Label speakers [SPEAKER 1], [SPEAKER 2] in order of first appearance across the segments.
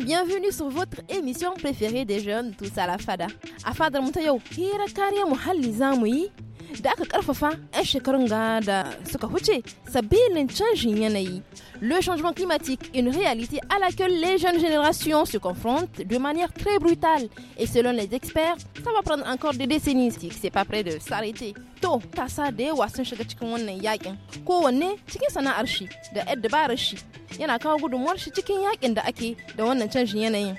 [SPEAKER 1] bienvenue sur votre émission préférée des jeunes, tous à la fada. montayo da aka karfafa 'yan shekarun ga da suka huce sabilin canjin yanayi. Le changement climatique, une réalité à laquelle les jeunes générations se confrontent de manière très brutale. Et selon les experts, ça va prendre encore des décennies si c'est pas prêt de s'arrêter. To, tasa de yawa sun shiga cikin wannan yakin. Kowanne cikin sana'ar shi da yadda dabarar shi yana kawo gudunmuwar shi cikin yakin da ake da wannan canjin yanayin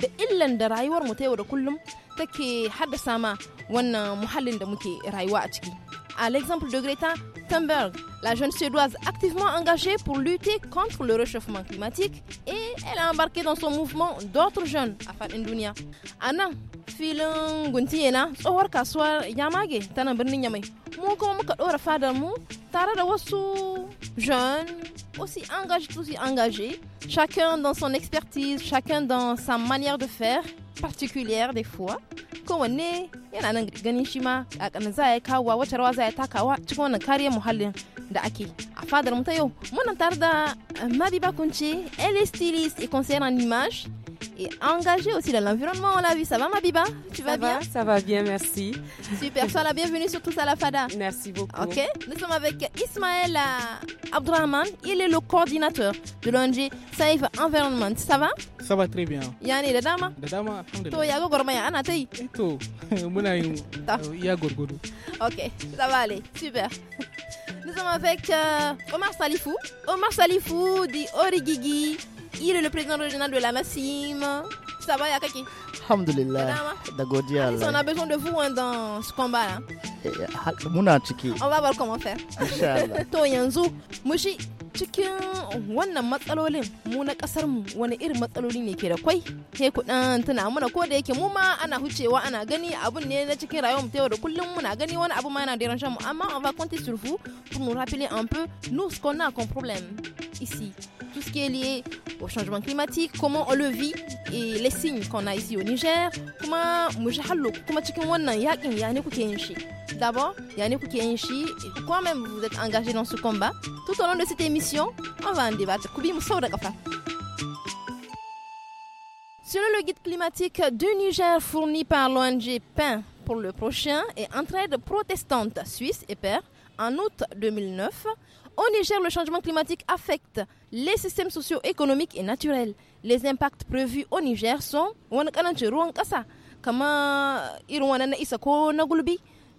[SPEAKER 1] da illan da rayuwar mu ta yau da kullum take haddasa ma wannan muhallin da muke rayuwa a ciki. À l'exemple de Greta Thunberg, la jeune Suédoise activement engagée pour lutter contre le réchauffement climatique et elle a embarqué dans son mouvement d'autres jeunes à Farindunia. Anna, filin guntiyena tsohuwar kasuwar yamage tana birnin yamai mu kuma muka ɗora fadar mu tare da wasu jeunes aussi engagés, tous engagés, chacun dans son expertise, chacun dans sa manière de faire particulière des fois. comme on nan ganin shi ma a kanin za a yi a takawa cikin wannan kariyar muhallin da ake a fadar mu ta yau elle est styliste et concerne en image et engagé aussi dans l'environnement. On l'a vu. Ça va, ma biba, Tu vas bien Ça va bien, merci. Super. Sois la bienvenue sur Tous à la Fada. Merci beaucoup. Ok. Nous sommes avec Ismaël euh, Abdrahman. Il est le coordinateur de l'ONG Save Environment. Ça va Ça va très bien. Yanni, la dama la dama, To, yago gormaya, ana tai To, muna Ok, ça va aller. Super. Nous sommes avec euh, Omar Salifou. Omar Salifou dit Origigi il est le président régional de la Massim. Ça va, Yakaki
[SPEAKER 2] Alhamdulillah. On a besoin
[SPEAKER 1] de vous hein, dans ce combat-là.
[SPEAKER 2] Eh, on va
[SPEAKER 1] voir comment faire. Inch'Allah. To yanzu, mushi cikin wannan matsalolin mu na kasar mu wani irin matsaloli ne ke da kwai ke ku dan tuna muna ko da yake mu ma ana hucewa ana gani abun ne na cikin rayuwar mu ta da kullum muna gani wani abu ma yana déranger mu amma on va compter sur vous pour nous rappeler un peu nous ce qu'on a comme problème ici qui est lié au changement climatique, comment on le vit et les signes qu'on a ici au Niger. Comment D'abord, quand même vous êtes engagé dans ce combat, tout au long de cette émission, on va en débattre. Selon le guide climatique du Niger fourni par l'ONG PAIN pour le prochain et entraide protestante suisse et père en août 2009, au Niger, le changement climatique affecte les systèmes sociaux, économiques et naturels. Les impacts prévus au Niger sont wani kanancin ruwan kasa kamar irin wani na isa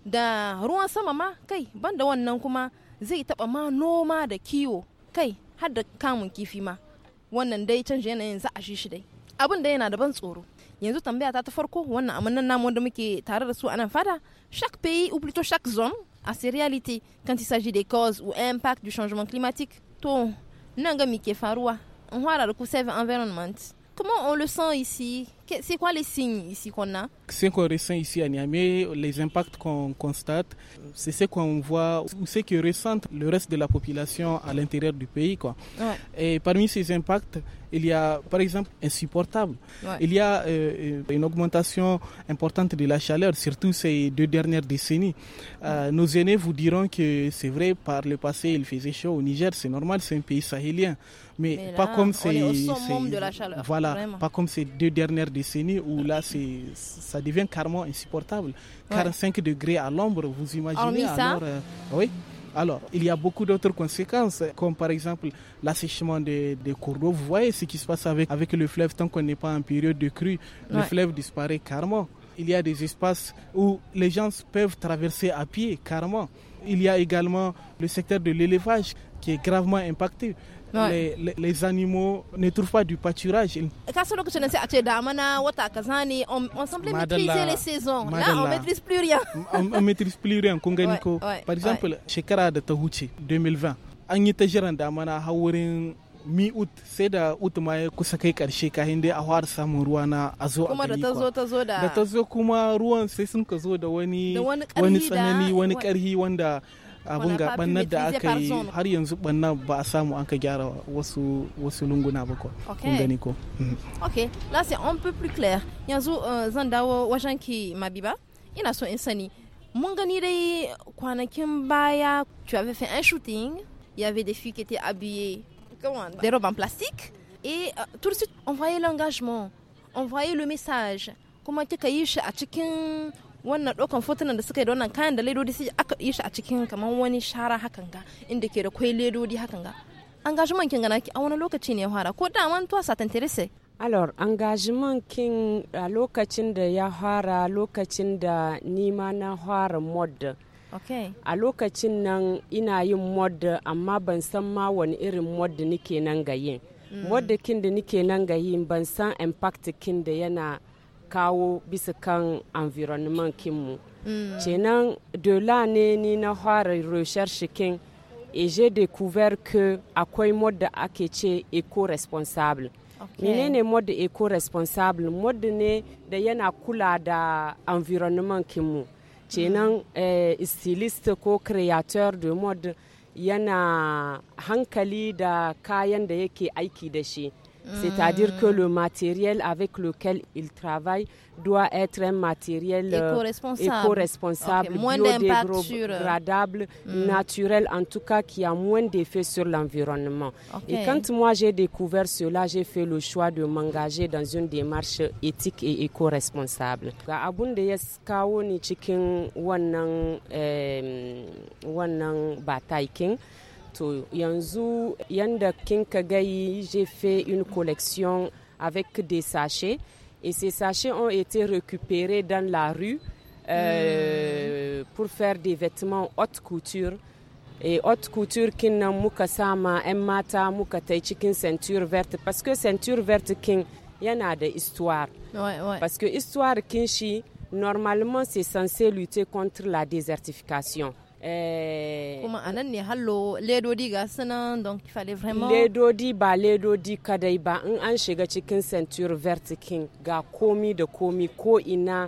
[SPEAKER 1] da ruwan sama ma kai banda wannan kuma zai taba ma noma da kiwo kai har da kamun kifi ma wannan dai canjin yanayin za a shi shi dai abin da yana da ban tsoro yanzu tambaya ta ta farko wannan amannan namu wanda muke tare da su a nan fada chaque pays ou plutôt chaque zone a ses réalités quand il s'agit des causes ou impacts du changement climatique to nanga mike on voit la environnement. comment on le sent ici c'est quoi les signes ici qu'on a
[SPEAKER 3] ce qu'on ressent ici à Niamey, les impacts qu'on constate, c'est ce qu'on voit ou ce que ressent le reste de la population à l'intérieur du pays. Quoi. Et parmi ces impacts, il y a par exemple insupportable. Il y a euh, euh, une augmentation importante de la chaleur, surtout ces deux dernières décennies. Euh, nos aînés vous diront que c'est vrai, par le passé, il faisait chaud au Niger, c'est normal, c'est un pays sahélien. Mais, pas comme ces, voilà, pas comme ces deux dernières décennies où là, c'est ça devient carrément insupportable. 45 degrés à l'ombre, vous imaginez alors, euh, Oui. Alors, il y a beaucoup d'autres conséquences, comme par exemple l'assèchement des, cours d'eau. Vous voyez ce qui se passe avec, avec le fleuve tant qu'on n'est pas en période de crue. Le fleuve disparaît carrément. Il y a des espaces où les gens peuvent traverser à pied carrément. Il y a également le secteur de l'élevage qui est gravement impacté. les, les, les, animaux ne trouvent pas du pâturage. On,
[SPEAKER 1] on semblait Madala, les saisons. Madala, Là, on ne maîtrise plus rien. on
[SPEAKER 3] ne maîtrise plus rien. Ouais, ouais, Par exemple, chez da ta Tahuchi, 2020, an yi ta jiran damana har mi ut sai da ut ma ku kusa kai karshe ka hinde a har samun ruwa na a zo a kuma da ta zo ta zo da da ta zo kuma ruwan sai sun ka zo da wani wani tsanani wani karhi wanda abun ga bannar da aka yi har yanzu bannar ba a samu an ka gyara wasu wasu lunguna ba ko kun gani ko
[SPEAKER 4] mm.
[SPEAKER 1] ok là c'est un peu plus clair yanzu euh, zan dawo wajen ki mabiba ina so in sani mun gani dai kwanakin baya tu avais fait un shooting il y avait des filles qui étaient habillées comment des robes en plastique et euh, tout de suite on voyait l'engagement on voyait le message comment tu as a cikin wannan ɗaukan fotunan da suka yi da wannan kayan da ledodi sai aka yi shi a cikin kamar wani shara hakan ga inda ke da kwai ledodi hakan ga engagement kin ganaki a wani lokaci ne ya fara ko da man tuwa satan terese
[SPEAKER 5] alor engagement kin a lokacin da ya fara lokacin da nima na fara mod Okay. A lokacin nan ina yin mod amma ban san ma wani irin mod nike nan ga yin. Mm. Mod kin da nike nan ga yin ban san impact kin da yana kawo bisa kan environment kinmu mm. kenan dola ne ni na fara recherche kin et j'ai découvert que akwai mode da ake ce eco-responsable okay. menene mode eco-responsable mode ne da yana kula da environnement kinmu kenan mm. eh, ko créateur de mode yana hankali da kayan da yake aiki da shi C'est-à-dire que hmm. le matériel avec lequel ils travaillent doit être un matériel euh, éco-responsable, moins hmm. naturel, en tout cas qui a moins d'effet sur l'environnement. Et quand moi j'ai découvert cela, j'ai fait le choix de m'engager dans une démarche éthique et éco-responsable yanzu yanda kinka j'ai fait une collection avec des sachets et ces sachets ont été récupérés dans la rue euh, hmm. pour faire des vêtements haute couture. Et haute couture kinna sama muka ceinture verte parce que ceinture verte il y en a Ouais, ouais. Parce que histoire kinshi normalement c'est censé lutter contre la désertification. Eh, kuma
[SPEAKER 1] a nan ne hallo ledodi ga sunan don kifale vraiment
[SPEAKER 5] ledodi ba ledodi kadai ba in an shiga cikin centur vertikin ga komi da komi ko ina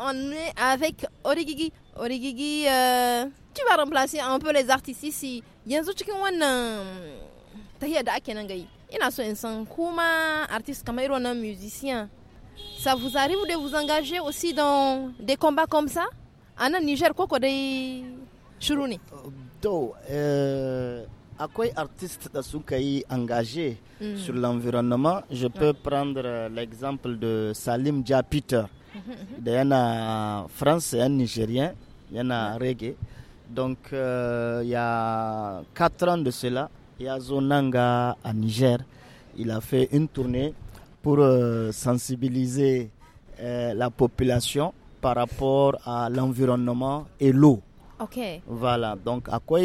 [SPEAKER 1] on est avec Origigi. Origigi, euh, tu vas remplacer un peu les artistes ici. Yanzu cikin wannan euh, tahiyar da ake nan Ina so san kuma artiste kamar irin musicien. Ça vous arrive de vous engager aussi dans des combats comme ça? ana Niger koko dai il ne.
[SPEAKER 2] a quoi artistes da suka engagés hmm. sur l'environnement. Je peux prendre euh, l'exemple de Salim Diapiter en a France, un Nigérien, il y en a reggae. Donc euh, il y a 4 ans de cela, zonanga à Niger, il a fait une tournée pour euh, sensibiliser euh, la population par rapport à l'environnement et l'eau. Ok. Voilà, donc à quoi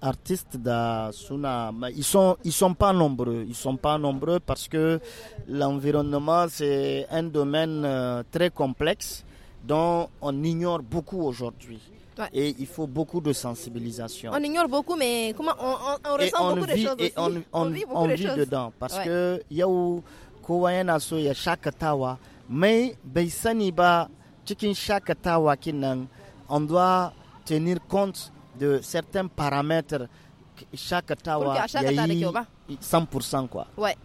[SPEAKER 2] artistes da suna ils sont ils sont pas nombreux, ils sont pas nombreux parce que l'environnement c'est un domaine euh, très complexe dont on ignore beaucoup aujourd'hui. Et il faut beaucoup de sensibilisation. On
[SPEAKER 1] ignore beaucoup, mais comment on, ressent beaucoup de choses. Et On, vit, beaucoup de vit dedans
[SPEAKER 2] parce que il y a chaque shakatawa, mais bai sani ba tawa shakatawa on doit tenir compte de certains paramètres chaque tawa ya yi 100% quoi ouais.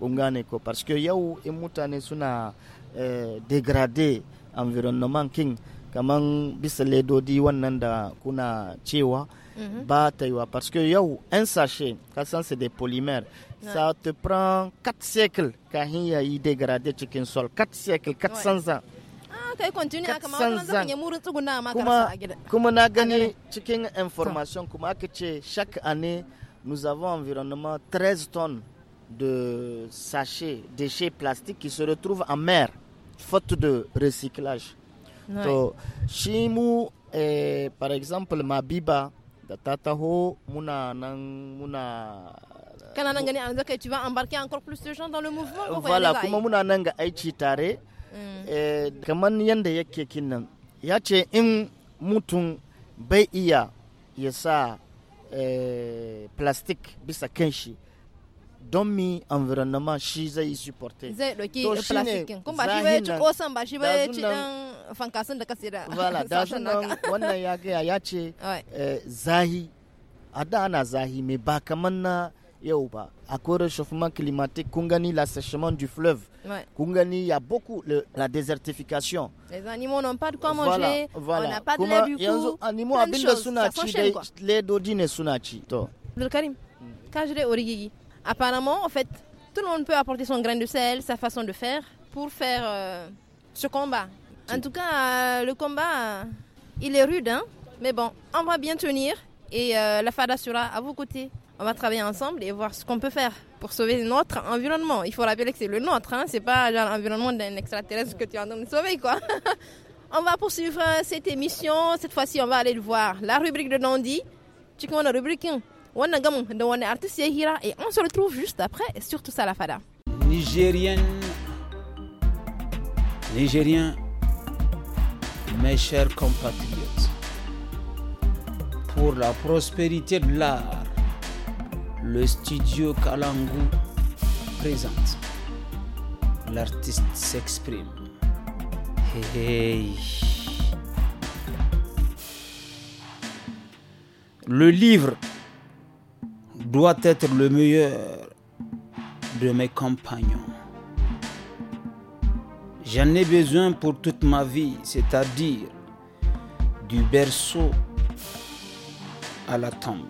[SPEAKER 2] ko parce que yow in mutane suna eh, degradé environnement king kaman bisa ledodi wannan da kuna cewa mm ba ta yiwa parce que yow un sachet ka san c'est des polymères ça te prend 4 siècles y ya yi dégradé le sol 4 siècles 400 ans
[SPEAKER 1] ka continue aka ma wannan zaka tsuguna ma a gida
[SPEAKER 2] kuma na gani cikin information kuma aka ce chaque année nous avons environnement 13 tonnes de sachets déchets plastiques qui se retrouvent en mer faute de recyclage Donc, to shimu eh, par exemple mabiba da tataho, muna nan muna
[SPEAKER 1] kana nan gani an zakai tu vas embarquer encore plus de gens dans le mouvement euh, voilà comme
[SPEAKER 2] muna nan ga aici tare Mm. Eh, kamar yadda yake kinnan ya ce in mutum bai iya ya sa eh, plastic bisa kan shi don mi environnement shi zai supporte zai
[SPEAKER 1] doki plastikin kuma ba shi bai ci kosan ba shi bai ci dan fankasin da ka sira wala da nan wannan
[SPEAKER 2] ya gaya ya ce eh, zahi a da ana zahi mai ba kamar na pas À cause réchauffement climatique, Kungani, l'assèchement du fleuve. il y a beaucoup le, la désertification.
[SPEAKER 1] Les animaux n'ont pas de quoi manger, on n'a pas de lait du coup. Animaux de
[SPEAKER 2] les, dodines
[SPEAKER 1] Karim, hmm. apparemment, en fait, tout le monde peut apporter son grain de sel, sa façon de faire, pour faire euh, ce combat. En tout cas, euh, le combat, euh, il est rude, hein, mais bon, on va bien tenir et la Fada sera à vos côtés on va travailler ensemble et voir ce qu'on peut faire pour sauver notre environnement. Il faut rappeler que c'est le nôtre, hein. c'est pas l'environnement d'un extraterrestre que tu es en de sauver, quoi. on va poursuivre euh, cette émission. Cette fois-ci, on va aller le voir. La rubrique de Nandi. Tu connais la rubrique hein. et on se retrouve juste après sur tout ça la fada.
[SPEAKER 4] Nigérienne, Nigérien, mes chers compatriotes, pour la prospérité de l'art le studio Kalangu présente. L'artiste s'exprime. Le livre doit être le meilleur de mes compagnons. J'en ai besoin pour toute ma vie, c'est-à-dire du berceau à la tombe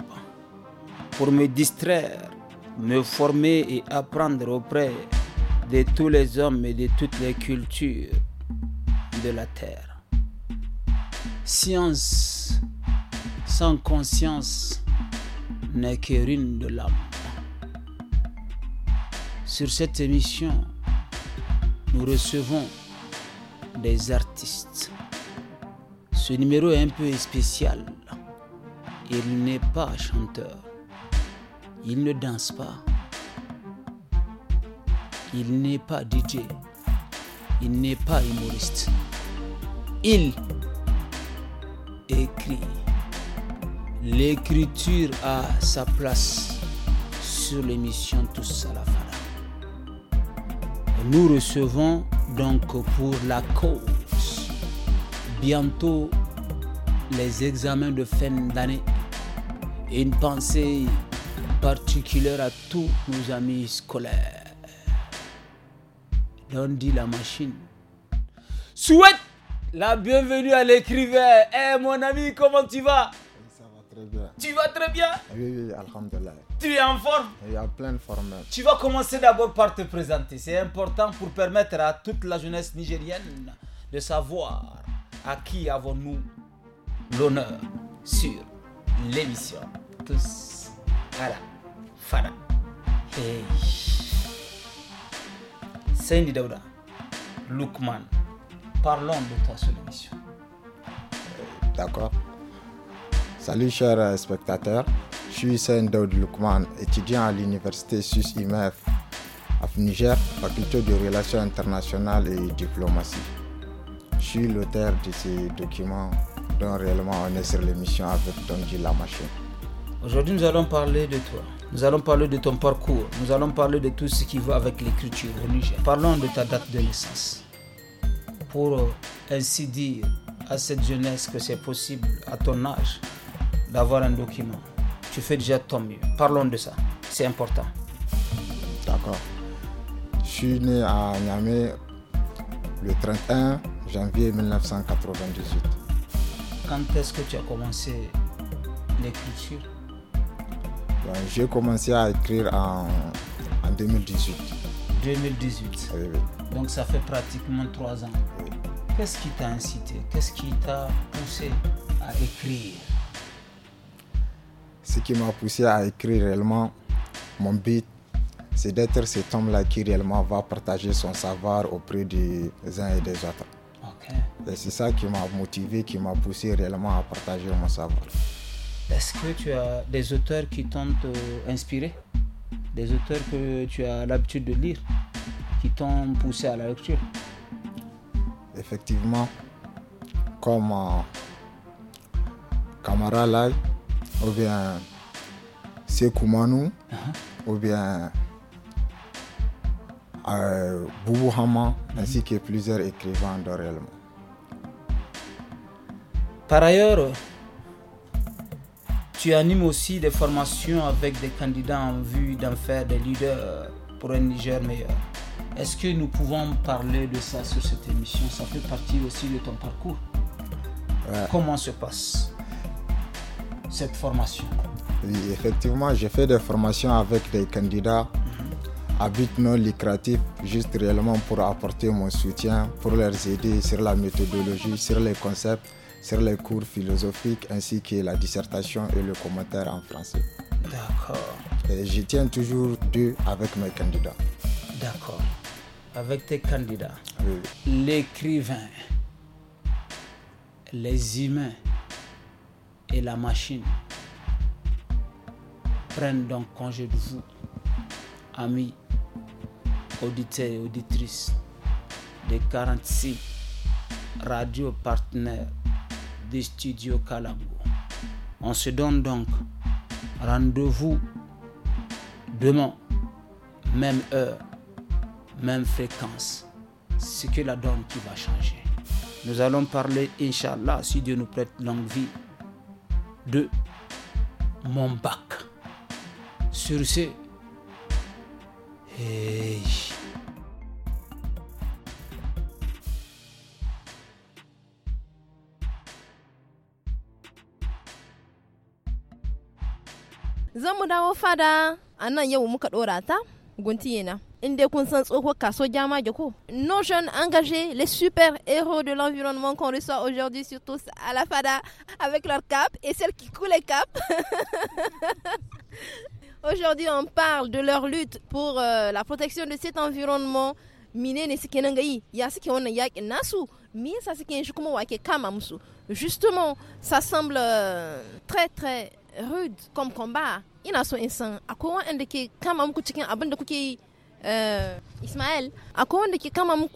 [SPEAKER 4] pour me distraire, me former et apprendre auprès de tous les hommes et de toutes les cultures de la terre. Science sans conscience n'est que rune de l'âme. Sur cette émission, nous recevons des artistes. Ce numéro est un peu spécial. Il n'est pas chanteur. Il ne danse pas. Il n'est pas DJ. Il n'est pas humoriste. Il écrit. L'écriture a sa place sur l'émission Tous à la Nous recevons donc pour la cause bientôt les examens de fin d'année. Une pensée particulière à tous nos amis scolaires. Lundi dit la machine. Souhaite la bienvenue à l'écrivain. Eh mon ami, comment tu vas Ça va très bien. Tu vas très bien Oui, oui, alhamdulillah. Tu es en forme Oui, plein de forme. Tu vas commencer d'abord par te présenter. C'est important pour permettre à toute la jeunesse nigérienne de savoir à qui avons-nous l'honneur sur l'émission. Tous. Voilà. Fada. Hey. Lukman, parlons de toi sur l'émission.
[SPEAKER 6] Euh, d'accord. Salut chers spectateurs, je suis saint Daoud Lukman, étudiant à l'université sus imf à Niger, faculté de relations internationales et diplomatie. Je suis l'auteur de ces documents dont réellement on est sur l'émission avec Donji Lamachou.
[SPEAKER 4] Aujourd'hui, nous allons parler de toi. Nous allons parler de ton parcours. Nous allons parler de tout ce qui va avec l'écriture religieuse. Parlons de ta date de naissance. Pour euh, ainsi dire à cette jeunesse que c'est possible, à ton âge, d'avoir un document. Tu fais déjà ton mieux. Parlons de ça. C'est important.
[SPEAKER 6] D'accord. Je suis né à Niamey le 31 janvier 1998.
[SPEAKER 4] Quand est-ce que tu as commencé l'écriture
[SPEAKER 6] j'ai commencé à écrire en, 2018. 2018
[SPEAKER 4] Donc ça fait pratiquement trois ans. Qu'est-ce qui t'a incité Qu'est-ce qui t'a poussé à écrire
[SPEAKER 6] Ce qui m'a poussé à écrire réellement, mon but, c'est d'être cet homme-là qui réellement va partager son savoir auprès des uns et des autres. Et c'est ça qui m'a motivé, qui m'a poussé réellement à partager mon savoir.
[SPEAKER 4] Est-ce que tu as des auteurs qui t'ont euh, inspiré Des auteurs que tu as l'habitude de lire Qui t'ont poussé à la lecture
[SPEAKER 6] Effectivement, comme Kamara Lai, ou bien Sekou uh-huh. ou bien euh, Boubou Hama, uh-huh. ainsi que plusieurs écrivains réellement.
[SPEAKER 4] Par ailleurs, tu animes aussi des formations avec des candidats en vue d'en faire des leaders pour un Niger meilleur. Est-ce que nous pouvons parler de ça sur cette émission Ça fait partie aussi de ton parcours. Comment se passe cette formation
[SPEAKER 6] effectivement, j'ai fait des formations avec des candidats mhm. à but non lucratif, juste réellement pour apporter mon soutien, pour les aider sur la méthodologie, sur les concepts sur les cours philosophiques ainsi que la dissertation et le commentaire en français.
[SPEAKER 4] D'accord.
[SPEAKER 6] Et je tiens toujours deux avec mes candidats.
[SPEAKER 4] D'accord. Avec tes candidats. L'écrivain, les humains et la machine prennent donc congé de vous, amis, auditeurs et auditrices des 46 radios partenaires des studios calabo On se donne donc rendez-vous demain, même heure, même fréquence. C'est que la donne qui va changer. Nous allons parler, Inch'Allah, si Dieu nous prête longue vie, de mon bac. Sur ce, et
[SPEAKER 1] nos jeunes engagés les super héros de l'environnement qu'on reçoit aujourd'hui surtout à la fada avec leur cap et celles qui coulent les cap aujourd'hui on parle de leur lutte pour euh, la protection de cet environnement miné ne ya nasu wake justement ça semble euh, très très rude comme combat ina so in san akwai waɗanda ke kama muku cikin abin da kuke yi euh, Ismaël, à quoi on est comme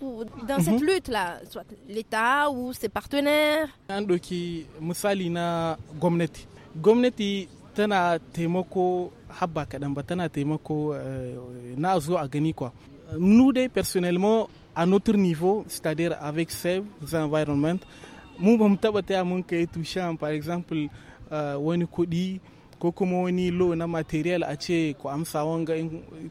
[SPEAKER 1] dans cette mhm. lutte là, soit l'État ou ses partenaires.
[SPEAKER 3] Ando ki misali na gwamnati. Gwamnati tana taimako habba kaɗan ba tana taimako eh, na zo a gani quoi. Nous dai personnellement à notre niveau, c'est-à-dire avec ces Environment, mu ba mu taɓa mun kai par exemple eh, wani kuɗi ko kuma wani lo na material a ce ku amsa wanga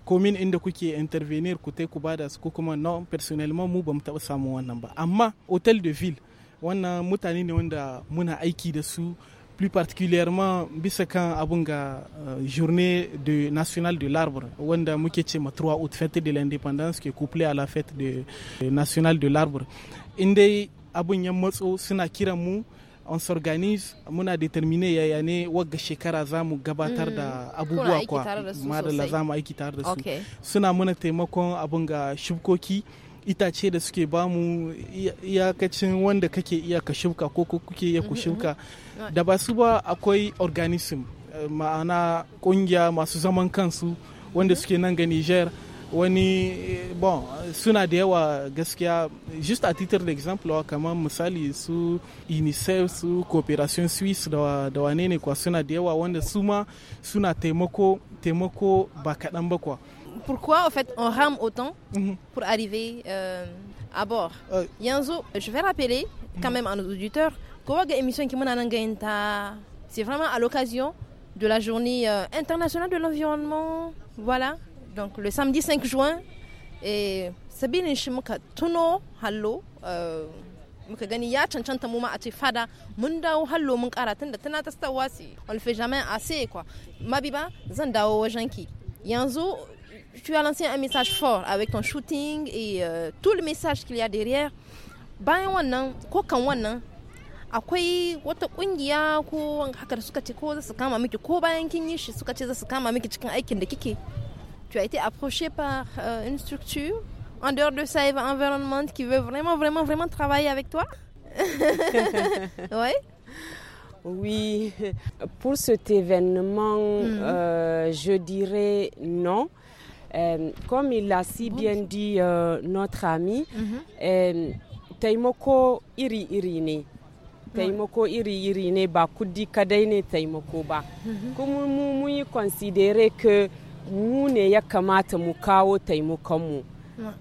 [SPEAKER 3] komin inda kuke intervenir ku ta ku bada su ko kuma non personnellement mu bamu taba samu wannan ba amma hotel de ville wannan mutane ne wanda muna aiki da su plus particulièrement bisa kan abun ga euh, journée de, nationale de l'arbre wanda muke ce ma 3 août fête de l'indépendance qui est couplée à la fête de, euh, nationale de l'arbre inde abun ya matso suna kiran mu on s'organise muna determine yaya ne wagga shekara za mu gabatar da mm. abubuwa kwa madalla za mu aiki tare da su suna muna taimakon abin ga shubkoki itace da suke bamu iyakacin wanda kake iya ka shibka ko kuke iya ku mm-hmm, shuka mm-hmm. da ba su ba akwai organism eh, ma'ana kungiya masu zaman kansu wanda mm-hmm. suke nan ga niger wani eh, bon suna da yawa gaskiya just a titre d'exemple example kamar misali su unicef su cooperation suisse da wane ne kwa suna da yawa wanda su ma suna taimako taimako ba kaɗan ba kwa
[SPEAKER 1] pourquoi en fait on rame autant mhm. pour arriver euh, à bord euh, Yanzo, je vais rappeler quand même à nos auditeurs que émission ki mana qui c'est vraiment à l'occasion de la journée euh, internationale de l'environnement. Voilà, donc le samedi 5 juin eh, sabilin shi muka tuno hallo uh, muka gani ya cancanta mu ma a ce fada mun dawo hallo mun kara tunda tana ta stawa si on le fait jamais assez quoi mabiba zan dawo wajen ki yanzu tu as lancé un message fort avec ton shooting et euh, tout le message qu'il y a derrière bayan wannan ko kan wannan akwai wata kungiya ko haka suka ce ko za su kama miki ko bayan kin yi shi suka ce za su kama miki cikin aikin da kike tu as été approchée par euh, une structure en dehors de Save Environment qui veut vraiment, vraiment, vraiment travailler avec toi
[SPEAKER 5] Oui. Oui, pour cet événement, mhm. euh, je dirais non. Euh, comme il l'a si bien dit notre ami, mhm. Taimoko Iri Irine. Taimoko iri Irini, ne ba kudi kadaine ba Comme nous considérons yi que mu ne ya kamata mu kawo taimakonmu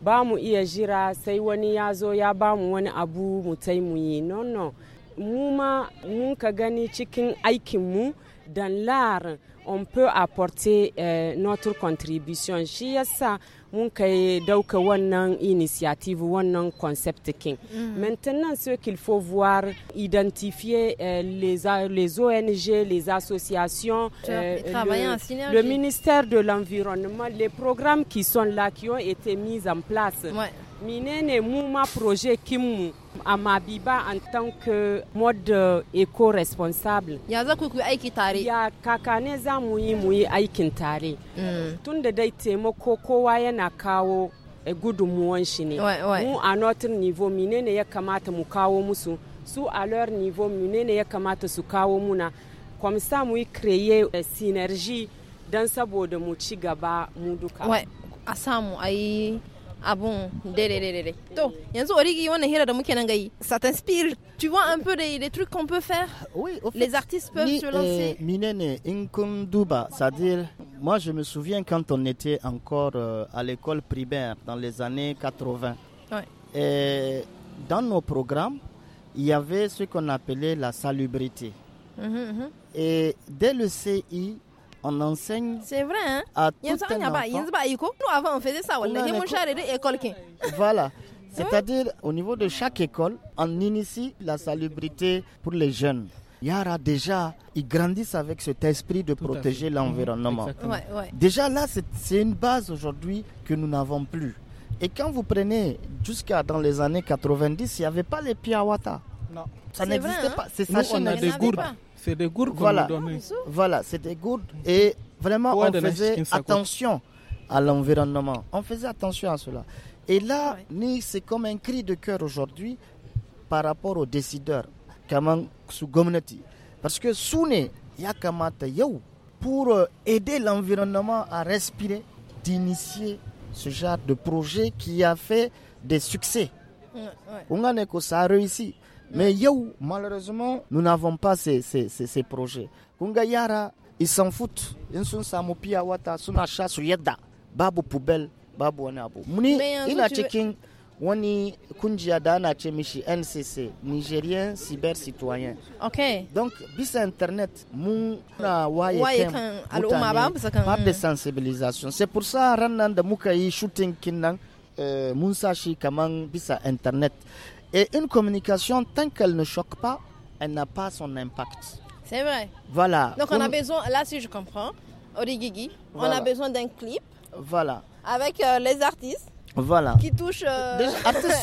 [SPEAKER 5] ba mu iya jira sai wani ya zo ya ba mu wani abu mu taimu yi no no mu ma mun ka gani cikin aikinmu dan lar on peut apporter eh, notre contribution shi yasa mun ka a wannan initiative wannan concept king mm. maintenant ce qu'il faut voir identifier euh, les, les ONG les associations euh, le, ministère de l'environnement les programmes qui sont là qui ont été mis en place ouais. minene ma projet kimu a Mabiba en tant que mode éco responsable Ya za ku yi aiki tare? Ya kakane za mu yi mu yi aikin tare. Mm. tunda Tun da dai taimako kowa yana kawo a eh, gudunmuwan shi ne. Mu a notre niveau ne ya kamata mu kawo musu su a leur niveau ne ya kamata su kawo muna. Kwamsa mu yi kreye e, eh, synergie don saboda mu ci gaba mu duka.
[SPEAKER 1] a samu a yi bon yanzu da muke nan ça t'inspire tu vois un peu les les trucs qu'on peut faire oui les artistes peuvent se lancer
[SPEAKER 2] euh, inkunduba dire moi je me souviens quand on était encore euh, à l'école primaire dans les années 80 ouais. et dans nos programmes il y avait ce qu'on appelait la salubrité mhm, mhm. et dès le CI on enseigne.
[SPEAKER 1] C'est vrai, À tout Nous, avant, on faisait ça.
[SPEAKER 2] Voilà. C'est-à-dire, au niveau de chaque école, on initie la salubrité pour les jeunes. Yara, déjà, ils grandissent avec cet esprit de protéger l'environnement. Déjà, là, c'est une base aujourd'hui que nous n'avons plus. Et quand vous prenez, jusqu'à dans les années 90, il n'y avait pas les piawata. Non. Ça n'existait pas. C'est ça On a des gourdes. C'est des gourdes voilà. nous ah, Voilà, c'est des gourdes. Et vraiment, on faisait attention à l'environnement. On faisait attention à cela. Et là, ah c'est comme un cri de cœur aujourd'hui par rapport aux décideurs. Parce que Soune, Yakamata Yau, pour euh, aider l'environnement à respirer, d'initier ce genre de projet qui a fait des succès.
[SPEAKER 1] que
[SPEAKER 2] ça a réussi. Mais yo, malheureusement, nous n'avons pas ces, ces, ces, projets. Kungayara, ils s'en foutent. Ils sont à wata, sunacha yeda, babu poubelle, babu onabo. Muni, ina chicken, wani à dana chemishi NCC, Nigérien cyber citoyen. Ok. Donc, bis internet, muna waye kem, pas de sensibilisation. C'est pour ça, ranan da muka shooting kinang euh, munsashi mun sashi kaman internet. Et une communication, tant qu'elle ne choque pas, elle n'a pas son impact. C'est vrai. Voilà. Donc on a
[SPEAKER 1] besoin, là si je comprends, Origigi, on a besoin d'un clip. Voilà. Avec euh, les artistes. Voilà. Qui touchent. Euh...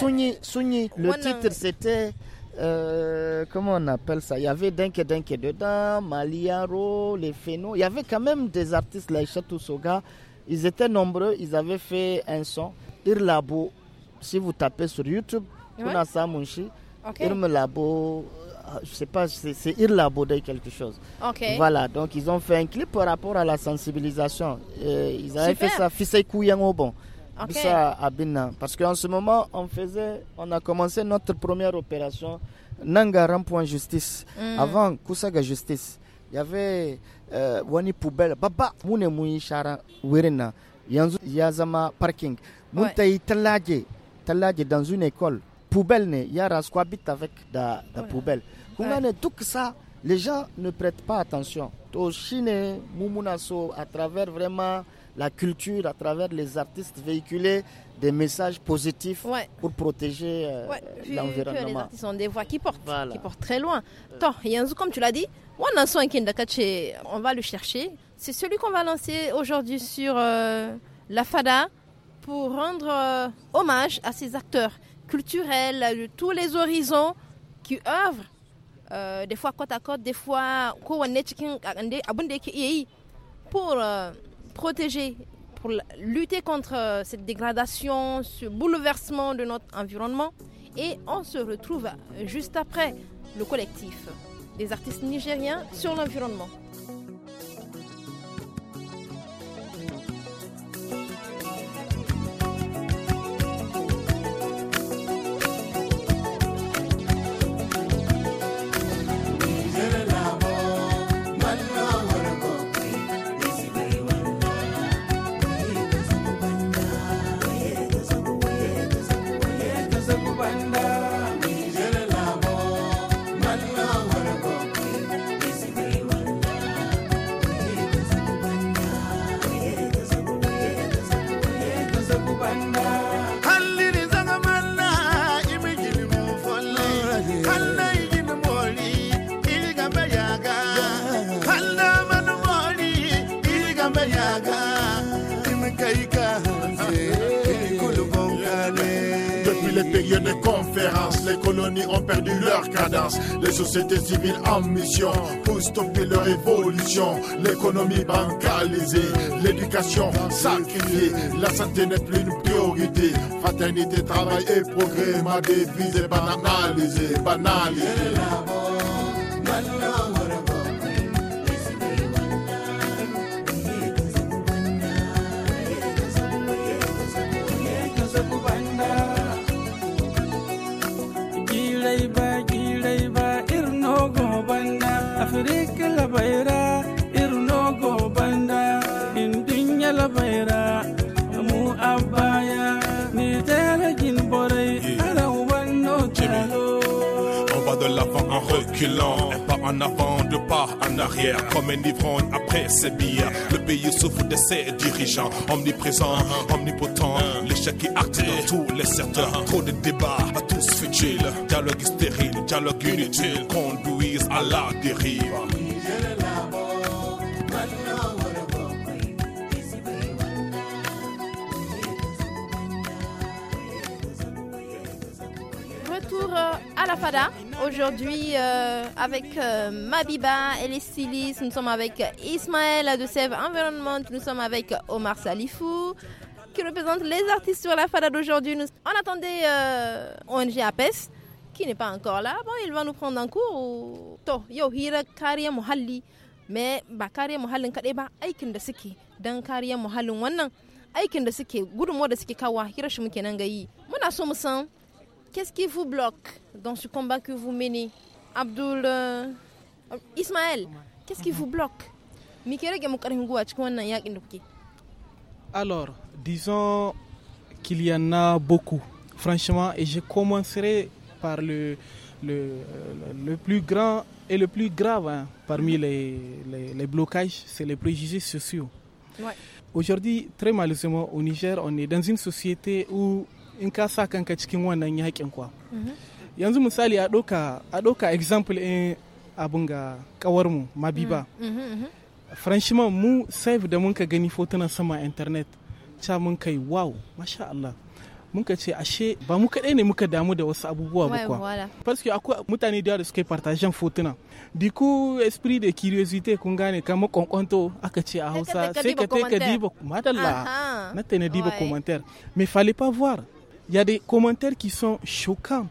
[SPEAKER 2] Souni, Souni. Le titre c'était. Euh, comment on appelle ça Il y avait Denke Denke dedans, Maliaro, les Fénaux. Il y avait quand même des artistes, Laïcha Toussoga. Ils étaient nombreux, ils avaient fait un son. Irlabo, si vous tapez sur YouTube, kuna samun me l'a beau, je sais pas, c'est irlabodé quelque chose. Voilà, donc ils ont fait un clip par rapport à la sensibilisation. ils avaient fait ça, fisekou Kouyangobon. Ça à Bina. Parce qu'en ce moment, on faisait, on a commencé notre première opération, Nangaram point justice. Mm. Avant, Kusaga justice. Il y avait euh, Wani Poubelle, Baba, Mune Mouyi Shara, Wirina, Yazama Parking. Muntei Talaje, Talaje dans une école poubelle ne habite avec da da poubelle tout ça les gens ne prêtent pas attention Au Chine, Mumunaso, à travers vraiment la culture à travers les artistes véhiculer des messages positifs pour protéger euh, l'environnement. Les artistes
[SPEAKER 1] ont des voix qui portent, qui portent très loin. Euh. Tant, Yanzu, comme tu l'as dit, on va le chercher. C'est celui qu'on va lancer aujourd'hui sur euh, la FADA pour rendre hommage à ces acteurs culturelles, de tous les horizons qui œuvrent euh, des fois côte à côte, des fois pour protéger, pour lutter contre euh, cette dégradation, ce bouleversement de notre environnement. Et on se retrouve juste après le collectif des artistes nigériens sur l'environnement.
[SPEAKER 7] les sociétés civiles en mission pour stopper leur évolution, l'économie bancalisée, l'éducation sacrifiée, la santé n'est plus une priorité, fraternité, travail et progrès, ma devise est banalisée, banalisée.
[SPEAKER 4] On va
[SPEAKER 3] de l'avant en reculant, pas en avant, deux pas en arrière, comme un ivrogne après ses billes Le pays souffre de ses dirigeants, Omniprésent uh-huh. Omnipotent uh-huh. l'échec est arté tous les secteurs. Uh-huh. Trop de débats, à tous futiles, dialogue stérile, dialogue inutile, conduisent à la dérive.
[SPEAKER 1] Aujourd'hui, euh, avec euh, Mabiba, et les styliste. Nous sommes avec Ismaël de Save Environnement. Nous sommes avec Omar Salifou, qui représente les artistes sur la Fada d'aujourd'hui. On attendait euh, ONG APES, qui n'est pas encore là. Bon, il va nous prendre un cours. To, yo, hira kariya muhalli. Mais, ba kariya muhallin kade ba aikin da suke Dan kariya muhallin wannan aikin da suke gudunmuwa da suke kawa hira shi muke nan ga qui Muna so musan, Qu'est-ce qui vous bloque dans ce combat que vous menez Abdul euh, Ismaël, qu'est-ce qui vous bloque
[SPEAKER 3] alors, disons qu'il y en a beaucoup, franchement, et je commencerai par le, le, plus grand et le plus grave hein. parmi mhm. les, blocages, c'est les préjugés sociaux. Aujourd'hui, très malheureusement, au Niger, on est dans une société où in ka sa kanka cikin wannan yakin kuwa mhm. yanzu misali a ɗauka a example in abin ga kawarmu mabiba mm, mhm, mhm. frenchman mu save da ka gani fotunan sama internet ca mun kai wow masha Allah muka ce ashe ba mu kaɗai ne muka damu da wasu abubuwa ba kuwa parce que akwai mutane da suka yi partagen fotuna di ku esprit de curiosité kun gane kamar kwankwanto aka ce a hausa sai ka kai ka diba madalla na ta na diba commentaire mais fallait pas voir Il y a des commentaires qui sont choquants.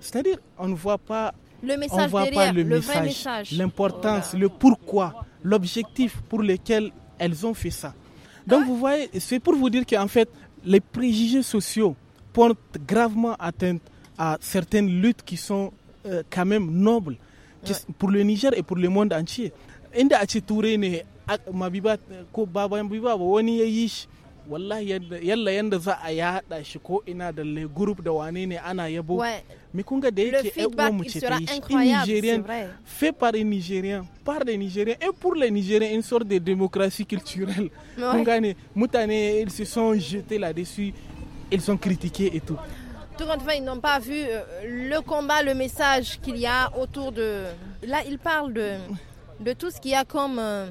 [SPEAKER 3] C'est-à-dire, on ne voit pas le message voit pas le, message, l'importance, oh le pourquoi, l'objectif pour lequel elles ont fait ça. Donc ah. vous voyez, c'est pour vous dire qu'en fait, les préjugés sociaux portent gravement atteinte à certaines luttes qui sont euh, quand même nobles pour le Niger et pour le monde entier wallahi yalla a le group da wane ne ana yabo fait par les nigériens par les nigériens et pour les nigériens une sorte de démocratie culturelle kun mutane ils se sont jetés là-dessus ils sont critiqués et tout
[SPEAKER 1] tout fait, ils n'ont pas vu euh, le combat, le message qu'il y a autour de... Là, ils parlent de, de tout ce qu'il y a comme euh,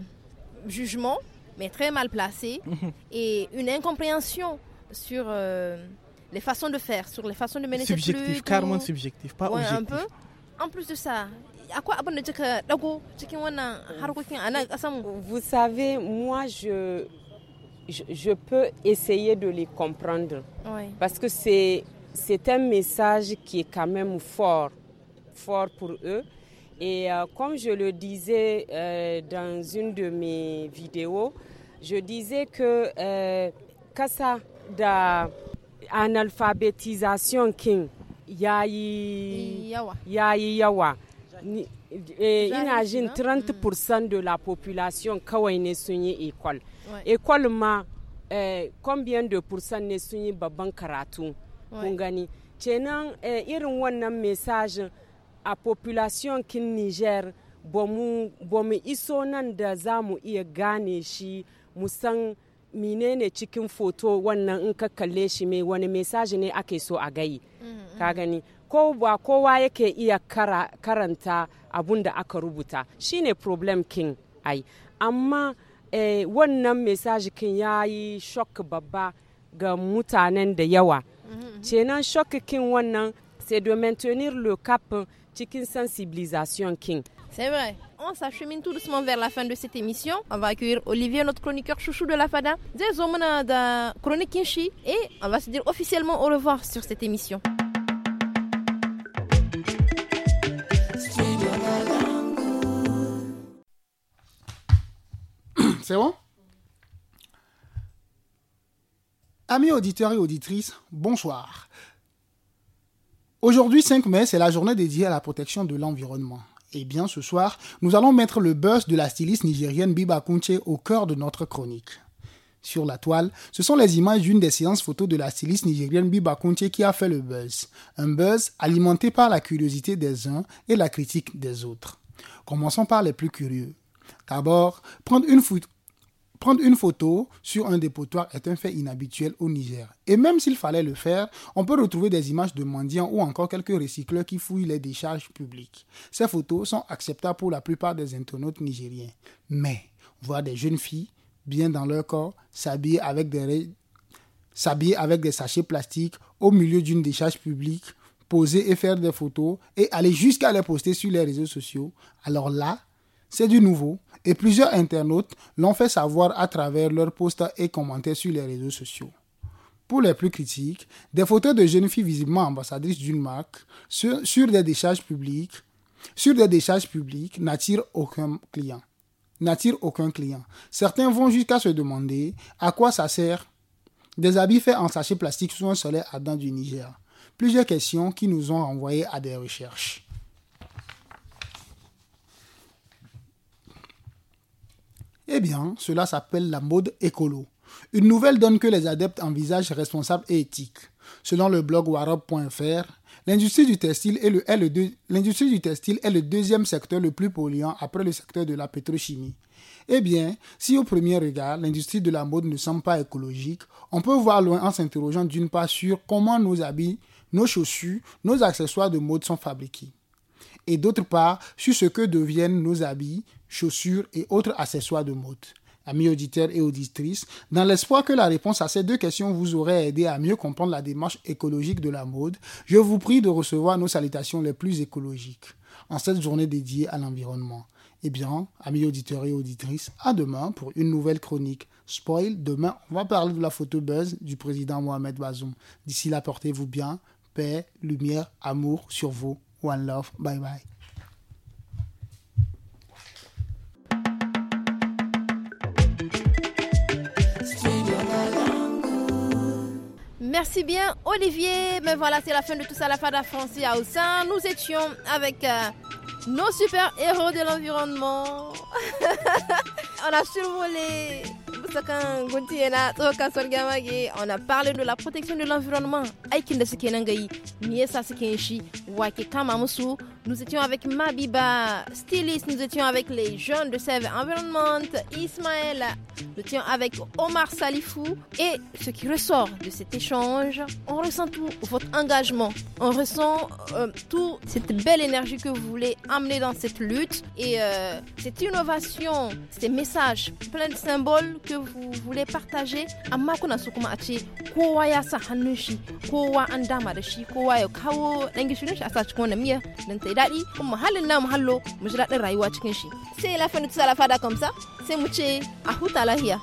[SPEAKER 1] jugement, mais très mal placé et une incompréhension sur euh, les façons de faire, sur les façons de mener cette lutte, carrément subjectif,
[SPEAKER 3] pas un peu.
[SPEAKER 1] En plus de ça,
[SPEAKER 5] vous savez, moi, je, je, peux essayer de les comprendre. Parce que c'est un message qui est quand même fort, fort pour eux. Et euh, comme je le disais euh, dans une de mes vidéos, je disais que euh, kasa da analphabétisation King yayi yawa, yayi yawa. imagine 30% de la population Qui ne école. Ouais. Euh, combien de pourcent ne sun yi babban karatu? Ouais. Kun gani. Euh, irin wannan message. a population kin niger bamu iso nan da za mu iya gane shi musan menene cikin foto wannan in ka kalle shi mai wani mesaji ne ake so a gayi mm-hmm. ka gani ko ba kowa yake iya karanta abun da aka rubuta shine problem kin ai amma eh, wannan mesaji kin ya yi shock babba ga mutanen da yawa mm-hmm, mm-hmm. kenan mm -hmm. shock kin wannan c'est de maintenir le cap Chicken sensibilisation king. C'est vrai. On
[SPEAKER 1] s'achemine tout doucement vers la fin de cette émission. On va accueillir Olivier, notre chroniqueur chouchou de la FADA. chronique Et on va se dire officiellement au revoir sur cette émission.
[SPEAKER 7] C'est bon Amis auditeurs et auditrices, bonsoir. Aujourd'hui 5 mai, c'est la journée dédiée à la protection de l'environnement. Et bien, ce soir, nous allons mettre le buzz de la styliste nigérienne Biba Kunche au cœur de notre chronique. Sur la toile, ce sont les images d'une des séances photos de la styliste nigérienne Biba Kunche qui a fait le buzz. Un buzz alimenté par la curiosité des uns et la critique des autres. Commençons par les plus curieux. D'abord, prendre une, photo. Prendre une photo sur un dépotoir est un fait inhabituel au Niger. Et même s'il fallait le faire, on peut retrouver des images de mendiants ou encore quelques recycleurs qui fouillent les décharges publiques. Ces photos sont acceptables pour la plupart des internautes nigériens. Mais voir des jeunes filles, bien dans leur corps, s'habiller avec des, s'habiller avec des sachets plastiques au milieu d'une décharge publique, poser et faire des photos et aller jusqu'à les poster sur les réseaux sociaux, alors là, c'est du nouveau et plusieurs internautes l'ont fait savoir à travers leurs posts et commentaires sur les réseaux sociaux. Pour les plus critiques, des photos de jeunes filles visiblement ambassadrices d'une marque sur, des décharges publiques, sur des n'attirent aucun client. aucun client. Certains vont jusqu'à se demander à quoi ça sert des habits faits en sachets plastique sous un soleil ardent du Niger. Plusieurs questions qui nous ont envoyés à des recherches. Eh bien, cela s'appelle la mode écolo. Une nouvelle donne que les adeptes envisagent responsable et éthique. Selon le blog warob.fr, l'industrie du, textile est le, du textile est le deuxième secteur le plus polluant après le secteur de la pétrochimie. Eh bien, si au premier regard, l'industrie de la mode ne semble pas écologique, on peut voir loin en s'interrogeant d'une part sur comment nos habits, nos chaussures, nos accessoires de mode sont fabriqués, et d'autre part sur ce que deviennent nos habits, chaussures et autres accessoires de mode amis auditeurs et auditrices, dans l'espoir que la réponse à ces deux questions vous aurait aidé à mieux comprendre la démarche écologique de la mode, je vous prie de recevoir nos salutations les plus écologiques en cette journée dédiée à l'environnement. Eh bien, amis auditeurs et auditrices, à demain pour une nouvelle chronique. Spoil, demain, on va parler de la photo buzz du président Mohamed Bazoum. D'ici là, portez-vous bien. Paix, lumière, amour sur vous. One love. Bye bye.
[SPEAKER 1] Merci bien, Olivier. Mais voilà, c'est la fin de tout ça, la Fada française. à Oussan. Nous étions avec euh, nos super héros de l'environnement. On a survolé. On a parlé de la protection de l'environnement. Nous étions avec Mabiba, styliste, nous étions avec les jeunes de Save Environment, Ismaël, nous étions avec Omar Salifou. Et ce qui ressort de cet échange, on ressent tout votre engagement, on ressent euh, toute cette belle énergie que vous voulez amener dans cette lutte et euh, cette innovation, ces messages pleins de symboles que vous voulez partager. kowa mai daɗi kuma muhallin namu hallo mu ji daɗin rayuwa cikin shi sai lafiya da tusa lafa da kamsa sai mu ce a huta lahiya.